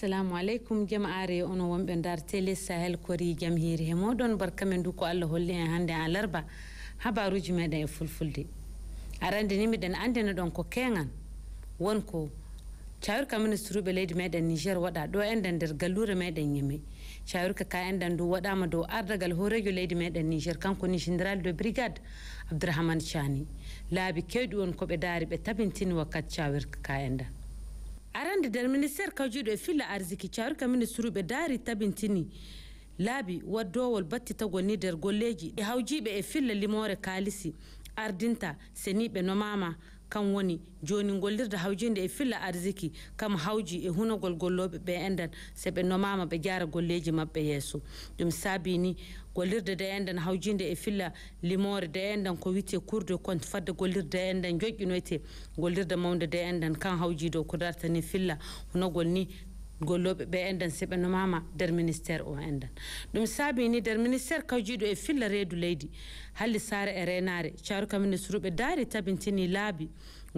assalamu alaikum jama are ono wonɓe dar télé sahel kori jam hiiri he moɗon barkamen du ko allah holli en hannde alarba larba habaruji meɗen e fulfulde arande ni miɗen andina ɗon ko kegan wonko cawirka ministruɓe leydi meɗen niger waɗa ɗo enɗen nder gallure meɗen ñeme cawirka ka enɗen du waɗama dow ardagal horejo leydi meɗen niger kankoni général de brigade abdourahmane thani laabi kewɗi won koɓe daari ɓe tabintini wakkati cawirka ka enɗen arande del ministére kawjuɗo e filla arsiki caruka mine ɓe daari tabintini laabi waddowol batti gonni nder golleji e hawjiɓe e filla limore kalisi ardinta seniɓe nomama kam woni joni gollirde hawjide e filla arziki kam hawji e hunagol golloɓe ɓe enden se ɓe nomama ɓe jara golleji mabɓe yesso ɗum saabini gollirde de enden hawjide e filla limore de enden ko wite kurde compte fadde gollirde enden joƴƴinoyte gollirde mawde de enden kan hawjido ko dartani filla hunagol ni golloɓe ɓe endan seɓe nomama nder ministére o endan ɗum saabi ni nder ministére kawjiɗo e filla reedu leydi halli sara e renare caru kaminisruɓe daari tabintini laabi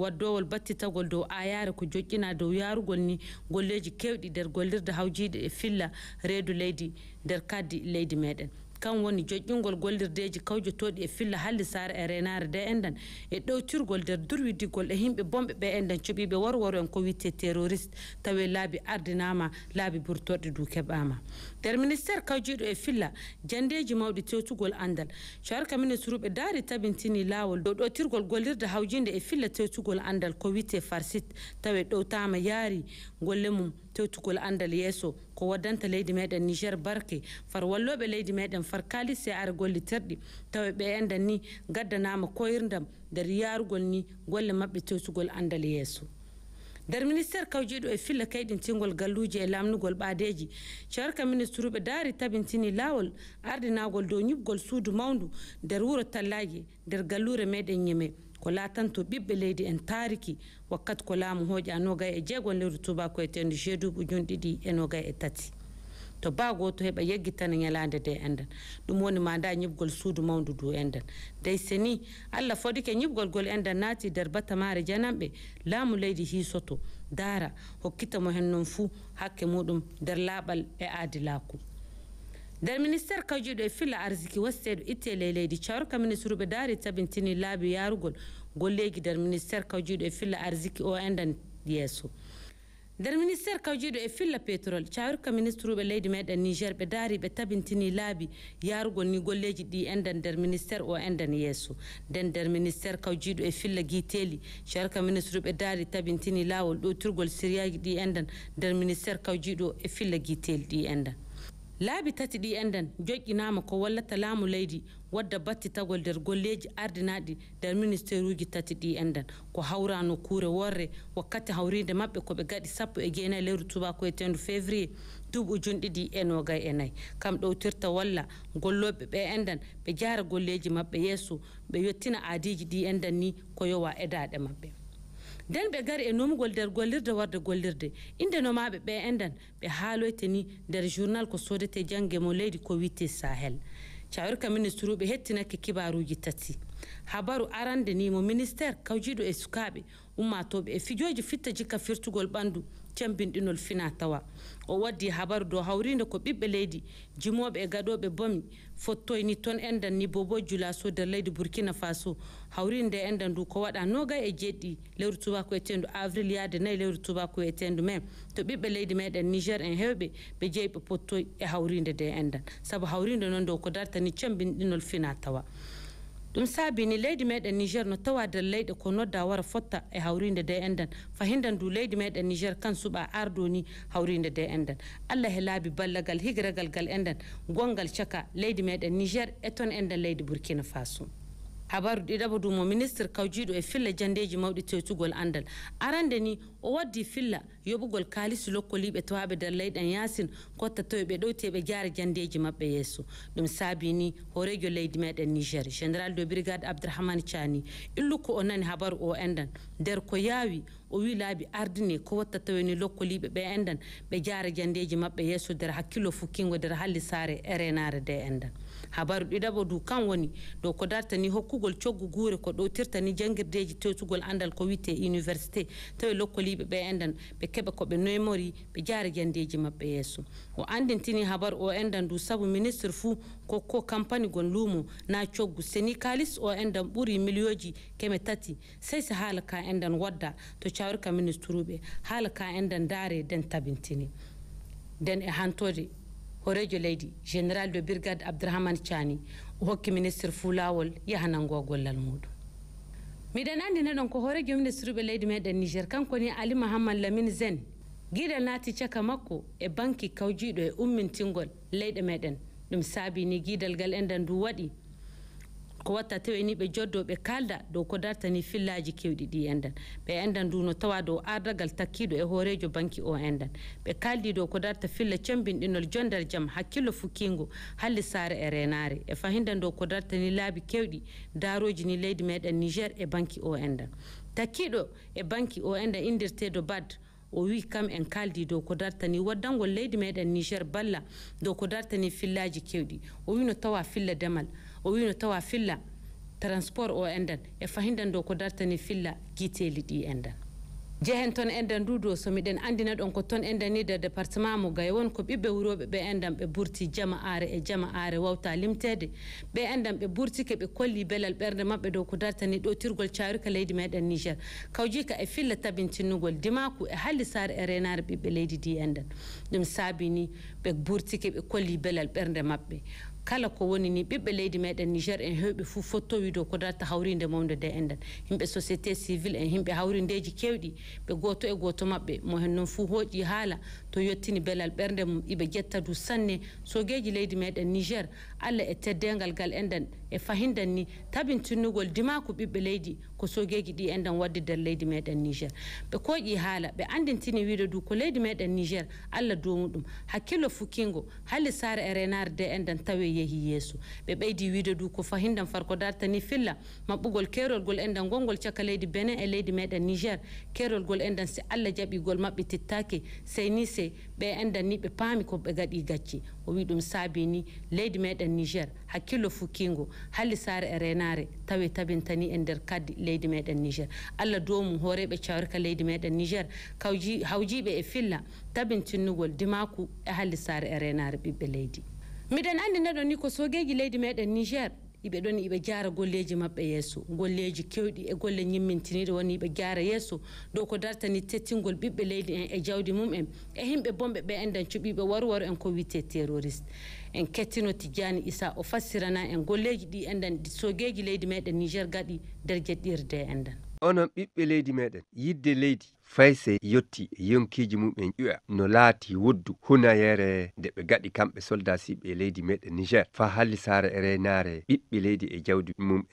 waddowol battitagol dow ayare ko joƴƴina dow yarugol ni golleji kewɗi nder gollirde hawjiɗe e filla reedu leydi nder kaddi leydi meɗen kan woni joƴƴingol gollirdeji kawjotoɗi e filla halli sara e renare de en dan e, e ɗowtirgol nder durwiddigol e himɓe bomɓe ɓe en dan coɓiɓe worworo en ko witte terroriste tawi laabi ardinama laabi burtorɗe du keɓama nder ministére kawjiɗo e filla jandeji mawɗi tewtugol andal sarka ministreuɓe daari tabintini lawol dow ɗowtirgol gollirde hawjide e filla tewtugol andal ko witte farcite tawi ɗowtama yaari golle mum fewtugol andal yesso ko waddanta leydi meɗen niger barke far walloɓe leydi meɗen far kalis e are golli terɗi tawa ɓe endan ni gaddanama koyirdam nder yarugol ni golle mabɓe tewtugol andal yesso nder ministére kawjeɗo e filla kayɗintigol galluji e lamnugol ɓaadeji cewarka ministreuɓe daari tabintini lawol ardinagol dow ñubgol suudu mawdu nder wuuro tallaji nder gallure meɗen ñeme ko latanto ɓiɓɓe leydi en taariki wakkati ko laamu hooƴa nogay e, e jeegon lewru tubakoye tendu jeduɓ ujun ɗiɗi e nogay e tati to ba goto heɓa yeggitana ñalade nde enden ɗum woni ma da ñibgol suudu mawdu du enden dey se ni allah fodike ñibgol gol enden naati e nder batamare janamɓe laamu leydi hisoto daara hokkita mo hen noon fuu hakke muɗum nder laaɓal e aadi laaku nder ministére kawjiɗo e filla arsiki wasteɗo itte ley e leydi thiawr kamine suruɓe daari tabintini laabi yarugol golleji nder ministére kawjiɗo e filla arsiki o endan yesso nder ministére kawjiɗo e filla pétrole cawirka ministreuɓe leydi meɗen niger ɓe daari ɓe tabintini laabi yarugol ni golleji ɗi endan nder ministére o endan yesso nden nder ministére kawjiɗo e filla guiteli cawirka ministreuɓe daari tabintini lawol ɗowtirgol sériyaji ɗi endan nder ministére kawjiɗo e filla guiteli ɗi endan labi tati ɗi enɗen ma ko wala laamu leydi wadda gwaldar nder golleji ardinaɗi da ministére uji tati di enɗen ko hawra kure worre wakkati mabbe ko be gadi sappo e jeenayi lewru ko e tendu fevrier duuɓi ujun ɗiɗi e nogay e nayyi kam ɗowtirta wala golloɓe be enɗen be jaara golleji mabbe yesu be yettina adiji di enɗen ni ko yowa edade mabbe nden ɓe gari e nomugol nder gollirde warde gollirde inde nomaɓe ɓe endan ɓe haaloyte ni nder journal ko sodete jangge mo leydi ko witte sahel cawirka ministre uɓe hettinakke kibaruji tati habaru arande ni mo ministére kawjiɗo e sukaɓe ummatoɓe e fijoji fitta jikka firtugol ɓandu cambinɗinol fina tawa o waddi habaru dow hawride ko ɓiɓɓe leydi jimoɓe e gaɗoɓe bomi fottoyni toon endan ni bobo julaso nder leydi bourkina faso hawride nde e endan ndu ko waɗa noga e jeɗɗi lewru tubako etendu avril yaade nayyi lewru tubako etendu men to ɓiɓɓe leydi meɗen nigér en hewɓe ɓe jeeyi ɓe pottoy e hawride nde e endan saabu hawride noon dow ko dartani cambinɗinol fina tawa ɗum saabini leydi meɗen niger no tawa nder leyɗe ko nodda wara fotta e hawrinde de en den fahindan du leydi meɗen niger kan suuɓa ardo ni hawrinde de en den allah e laabi ballagal higragal gal en den gongal caka leydi meɗen niger e ton en den leydi burkina faso habaru ɗiɗaba du mo ministre kawjiɗo e filla jandeji mawɗi tewtugol andal arande ni o waddi filla yoɓugol kalisu lokkoliɓe towaɓe nder leyɗan yasin kotta tawi ɓe ɗowteɓe jaara jandeji mabɓe yesso ɗum saabi ni horejo leydi meɗen niger général de brigade abdourahmane thiani illuko o nani habaru o endan nder ko yaawi o wi laabi ardine ko watta tawini lokkoliɓe ɓe endan ɓe jaara jandeji mabɓe yesso nder hakkillo fukkingo nder halli saare e renare de endan habaru ɗiɗaɓo du kan woni dow ko dartani hokkugol coggu guure ko ɗowtirtani jangguirdeji tewtugol andal ko witte université tawi lokkoliɓe ɓe endan ɓe keeɓa koɓe noymori ɓe jaara jandeji mabɓe yesso o andintini habaru o endan du saabu ministre fou kokko campagne gon luumo na coggu seni kalis o endan ɓuuri million ji keme tati sey si haala ka endan wadda to cawrika ministre uɓe haala ka endan daare den tabintini nden e hantode horejo leydi général de brigade abdourahmane thiani o hokki ministre lawol yahanango gollal muɗum miɗen andina ɗon ko horejo ɓe leydi meɗen niger kankoni ali mahamad lamine zen guiɗal naati caka makko e banki kawjiɗo e ummintingol leyɗe meɗen ɗum saabini ni guidal ngal enɗen du waɗi ko watta tawini ɓe joddo ɓe kalda dow ko dartani fillaji kewɗi ɗi endan ɓe endan nduno tawa dow ardagal takkiɗo e hoorejo banki o endan ɓe kaldi dow ko darta filla cembinɗinol jondal jaam hakkillo fukkingo halli saare e renare e fahindan dow ko dartani laabi kewɗi daroji ni leydi meɗen niger e banki o endan takkiɗo e banki o endan indirtedo bad o wi kam en kaldi dow ko dartani waddangol leydi meɗen niger balla dow ko dartani fillaji kewɗi o wino tawa filla ndemal o wino tawa filla transport o enden e fahindan do ko dartani filla guiteli ɗi enden jeehen toon enden nduɗo somiɗen andina ɗon ko toon endenide département mo gaye won ko ɓiɓɓe wuroɓe ɓe endan ɓe burti jama are e jama are wawta limtede ɓe endan ɓe burtike ɓe kolli belal ɓerde mabɓe dow ko dartani ɗotirgol carika leydi meɗen niger kawjika e filla tabintinnugol dimaku e hallisare e renare ɓiɓɓe leydi di enden ɗum saabi ni ɓe burtike ɓe kolli belal ɓerde mabɓe kala ko woni ni ɓiɓɓe leydi meɗen niger en hewɓe fof fottowi ɗo ko darta hawride mawde de en ɗen yimɓe société civil en yimɓe hawrideji kewɗi ɓe goto e goto mabɓe mo hen noon fo hoƴi haala to yettini belal ɓerde mum iɓe jettadu sanne sogueji leydi meɗen niger allah e teddegal gal en ɗen e fahindan ni tabintinnugol dima ko ɓiɓɓe leydi ko sogeji ɗi endan waddidar leydi meɗen niger ɓe koƴƴi haala ɓe andintini wiide du ko leydi meɗen niger allah domuɗum hakkillo fukkingo halli sare e renare de endan tawe yeehi yeeso ɓe ɓeydi wiide du ko fahindan farko dartani filla maɓɓugol kerolgol endan gongol caka leydi benin e leydi meɗen niger kerolgol endan si allah jaɓigol mabɓe tittaki seyni se ɓe endan ni ɓe paami koɓe gaɗi gacci o wi ɗum saabi ni leydi meɗen niger hakkillo fukkingo halli sare e renare tawi tabintani e nder kaddi leydi meɗen niger allah domum horeɓe cawrika leydi meɗen niger kawji hawjiɓe e filla tabintinnugol dimaku e halli saare e renare ɓiɓɓe leydi miɗen andi neɗo ni ko sogeji leydi meɗen niger yimɓe ɗon iɓe jaara golleji maɓɓe yeeso golleji kewɗi e golle ñimmintiniɗe woni yimɓe jaara yeeso dow ko dartani tettingol ɓiɓɓe leydi en e jawdi mum en e himɓe bomɓe ɓe enden cuɓiɓe waru waru en ko wiyete terroriste en kettino tijjani issa o fassirana en golleji ɗi enden sogueji leydi meɗen niger gaɗi nder jeɗɗirde e enɗen onon ɓiɓɓe leydi meɗen yidde leydi fayse yetti yonkiji muɗumen ƴuya no laati woddu hunayere nde ɓe gaɗi kamɓe soldat siɓe e leydi meɗen niger fa halli saare e reynare ɓiɓɓe leydi e jawdi mumen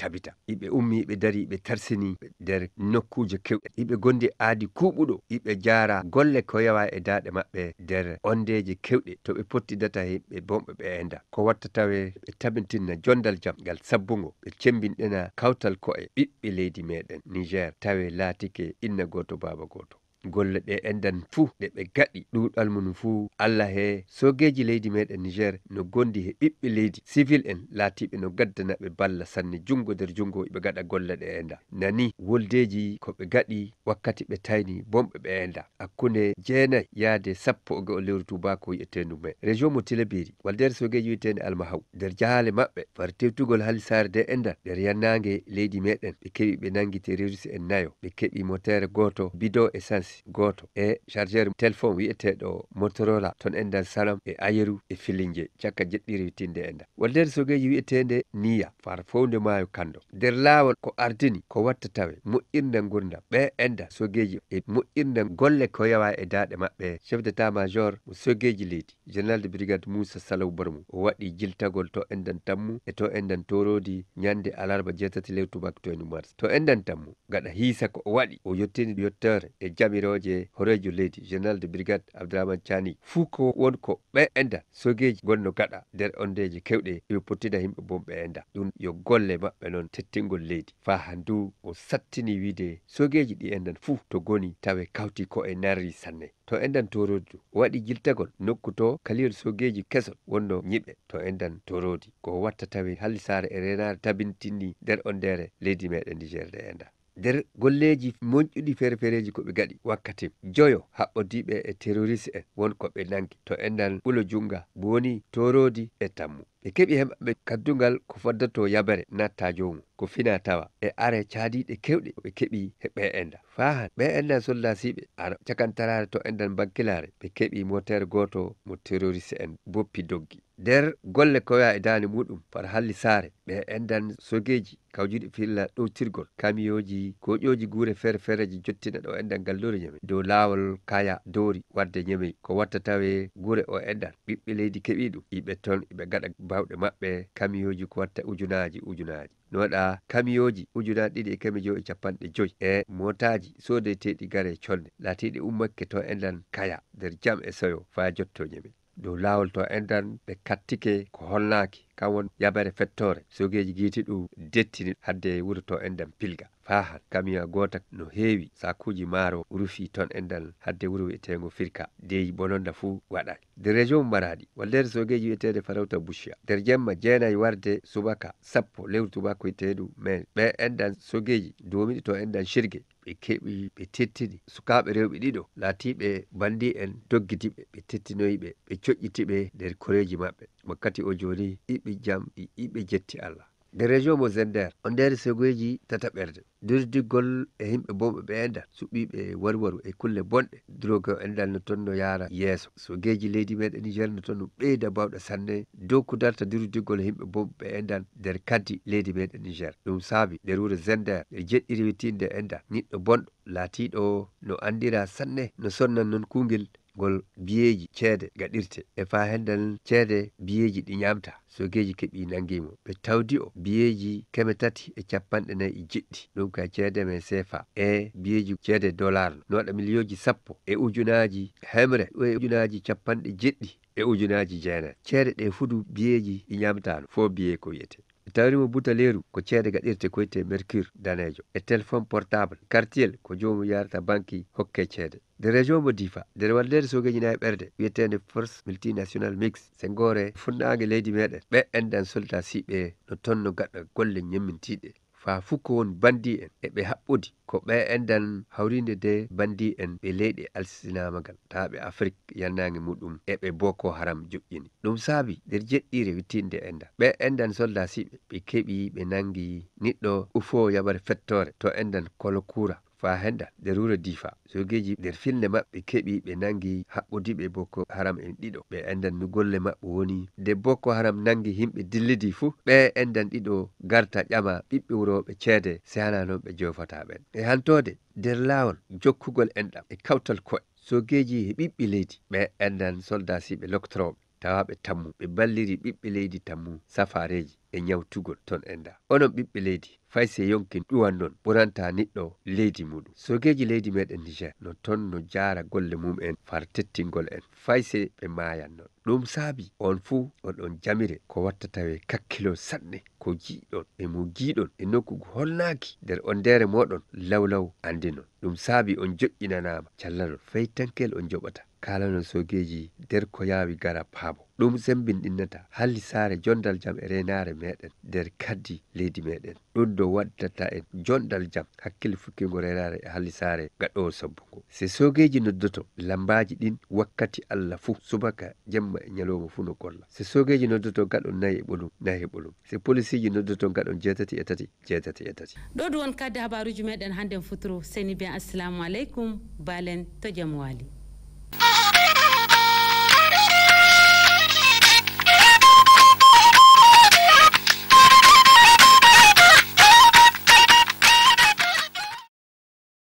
tabita iɓe ummi iɓe dari iɓe tarsini nder nokkuje kewɗe iɓe gondi aadi kuuɓuɗo iɓe jaara golle ko yewa e daaɗe maɓɓe nder ondeje kewɗe to ɓe pottidata himɓe bomɓe ɓe enda ko watta tawe ɓe tabintinna jondal jam ngal sabbugo ɓe cembinɗena kawtal ko e ɓiɓɓe leydi meɗen niger tawe laatike inna goto baba goto golle ɗe enden fuu ɗe ɓe gaɗi ɗuuɗal mum fuu allah he sogeji leydi meɗen niger no gondi he ɓiɓɓe leydi civil en laatiɓe no gaddana ɓe balla sanne junngo nder junngo ɓe gaɗa golle ɗe enda nani woldeji ko ɓe gaɗi wakkati ɓe tayni bomɓe ɓe enda hakkunde jeenayi yahde sappo e o geo lewru tubako wiyetendu me région mo tilabiri waldeere sogeji wiyetende almahaw nder jahaale maɓɓe far tewtugol hali saare de endal nder yannange leydi meɗen ɓe keɓi ɓe nangguite rerusi en nayo ɓe keɓi motere goto bido essence goto e chargeur téléphone wiyeteɗo motorola toon e nder salam e ayeru e filinje cakka jeɗɗiri tinde e nda wallede sogueji wiyetede niya far fowde mayo kando nder lawol ko ardini ko watta tawe moƴƴirde gurdam ɓe enda sogueji e moƴƴirde golle ko yawa e daɗe mabɓe chef d' état major mo sogueji leydi général de brigade moussa salaw barmou o waɗi jiltagol to endan tammu e to endan torodi ñande alarba jeetati lewtubak toni mars to endan tammu gaɗa hiisa ko o waɗi o yettini yetteur e jamir biroje horejo leydi général de brigade abdourahmane thani fuu ko wonko ɓe enda sogeji gonno gaɗa nder ondeje kewɗe eɓe pottida himɓe bom ɓe enda ɗum yo golle maɓɓe noon tettingol leydi fa handu o sattini wiide sogeji ɗi endan fuu to goni tawe kawti ko e narri sanne to endan torodi ɗum o waɗi jiltagol nokku to kalihol sogeji kesol wonno ñiɓe to endan torodi ko watta tawi hali sare e renare tabintinni nder ondere leydi meɗen ndigére de enda nder golleji moƴƴuɗi feere feereji koɓe gaɗi wakkati joyo haɓɓodiɓe e terroriste en won koɓe nangi to endal ɓulo junga booni toroodi e tammu ɓe keɓi heɓaɓe kaddugal ko faddato yabere natta jomum ko fina tawa e are caadiɗe kewɗe ɓe keɓi he ɓe endal fahan ɓe endal soldasiɓe ara cakantarare to endal bankilare ɓe keɓi motere goto mo terroriste en boppi doggi nder golle kowa e dande muɗum fota halli saare ɓe endan sogeji kawjuɗe filla ɗowtirgol kamiyoji koƴoji guure feere feereji jottina ɗo endan gallore ñamey dow laawol kaya dowri wadde ñamey ko watta tawe guure o endan ɓiɓɓe leydi keeɓi ɗum yiɓe toon iɓe gaɗa bawɗe maɓɓe kamiyoji ko watta ujunaji ujunaji noɗa kamiyoji ujunaji ɗiɗi e kami joyi e capanɗe joyi e motaji sodeteɗi gaare colde latiɗe ummakke to endan kaya nder jam e soyo faa jotto ñamey dow laawol to endan ɓe kattike ko holnaaki kan won yabare fettore sogeji giitiɗo dettini hadde wurto enɗen pilga fahan kamiya gota no heewi sakuji maaro rufi ton enɗen hadde wuro wi'etego firka deyi bononda fuu waɗani nder région maraɗi wallere sogeji wi'etede farewta bushia nder jemma jeenayi warde subaka sappo lewru tubako wi'eteɗum men ɓe enɗen sogeji domiɗi to enɗen shirgue ɓe keɓi ɓe tettini sukaɓe rewɓe ɗiɗo laatiɓe bandi en doggitiɓe ɓe tettinoyiɓe ɓe coƴƴitiɓe nder koreji maɓɓe wakkati o joni yiɓe jam yiɓe jetti allah nde région mo zender o nder segoji tataɓerde durdigol e himɓe bomɓe ɓeendan suɓiɓe waru waru e kulle bonɗe droga endal no tonno yaara yeeso so geji leydi meɗen niger no tonno ɓeyda bawɗo sanne dow ko darta durdigol e himɓe bomɓe ɓeendan nder kaddi leydi meɗen niger ɗum saabi nder wuuro zender nde jeɗɗi rewittinde endan niɗɗo bonɗo laatiɗo no andira sanne no sonnan noon kuugel ngol biyeji ceede gaɗirte e fa hendan ceede biyeji ɗi ñamta sogeji keeɓi nanguimo ɓe tawdi o biyeji keme tati e capanɗe nayyi jiɗɗi ɗum ka ceede men sefa e biyeji ceede dollar noɗa millionji sappo e ujunaji hemre e ujunaji capanɗe jeɗɗi e ujunaji jeenan ceede ɗe fudu biyeji ɗi ñamtano fo biye ko wiyete e tawrimo buta leeru ko ceede gaɗirte koyte mercure danejo e téléphone portable quartiel ko jomum yarata banque hokke ceede nde région mo difa nder wallede sogeñinaye ɓerde wiyetede force multinational mix se goore funnague leydi meɗen ɓe enden soldat siɓe no tonno gaɗɗo golle ñemmintiɗe faa fuu ko woni banndi en e ɓe haɓɓodi ko ɓe endan hawrinde de banndi en ɓe leyɗi alsinamagal taa ɓe afrique yannaange muɗum e ɓe boko haram joƴƴini ɗum saabi nder jeɗɗire wittinde enda ɓe endan soldat siɓe ɓe keɓi ɓe nangi niɗɗo ufo yaɓare fettore to endan kolo kuura fa henda nder wuro difa sogeji nder filde mabɓe keɓi ɓe nangi haɓɓodiɓe boko haram en ɗiɗo ɓe endan nugolle mabɓe woni nde boko haram nangi himɓe dillidi fuu ɓe endan ɗiɗo garta ƴama ɓiɓɓe wuroɓe ceede se hana noon ɓe jofata ɓen e hantode nder lawol jokkugol enɗam e kawtal koye sogeji he ɓiɓɓi leydi ɓe endan soldat siɓe loctroɓe tawaɓe tammu ɓe balliri ɓiɓɓe leydi tammu safareji e nyawtugol ton enda onon ɓiɓɓe leydi fay se yonki ɗuwan non ɓuranta niɗɗo leydi muɗum sogeji leydi meɗen niger no ton no jara golle mum'en far tettingol en fay se ɓe mayan non ɗum saabi on fuu oɗon jamire ko watta tawe kakkilo sanne ko jiɗon e mo giɗon e nokku holnaki nder on ndere moɗon lawlaw andi non ɗum saabi on joƴƴinanama callanon fay tankel on joɓata kalano sogeji nder ko yawi gara paabo ɗum sembin ɗinnata halli saare jondal jam e renare meɗen nder kaddi leydi meɗen ɗum do waddata en jonɗal jam hakkille fukkingo renare e halli saare gaɗɗo sobbugo se sogeji noddoto lambaji ɗin wakkati allah fuu subaka jemma e ñalowma fuu no golla se sogeji noddoto gaɗo nayi e ɓolum nayi e ɓolum se police ji noddoto gaɗo jeetati e tati jeetati e tati ɗo ɗum won kadde habaruji meɗen hannden futuro seni bien assalamu aleykum balen to jaam waali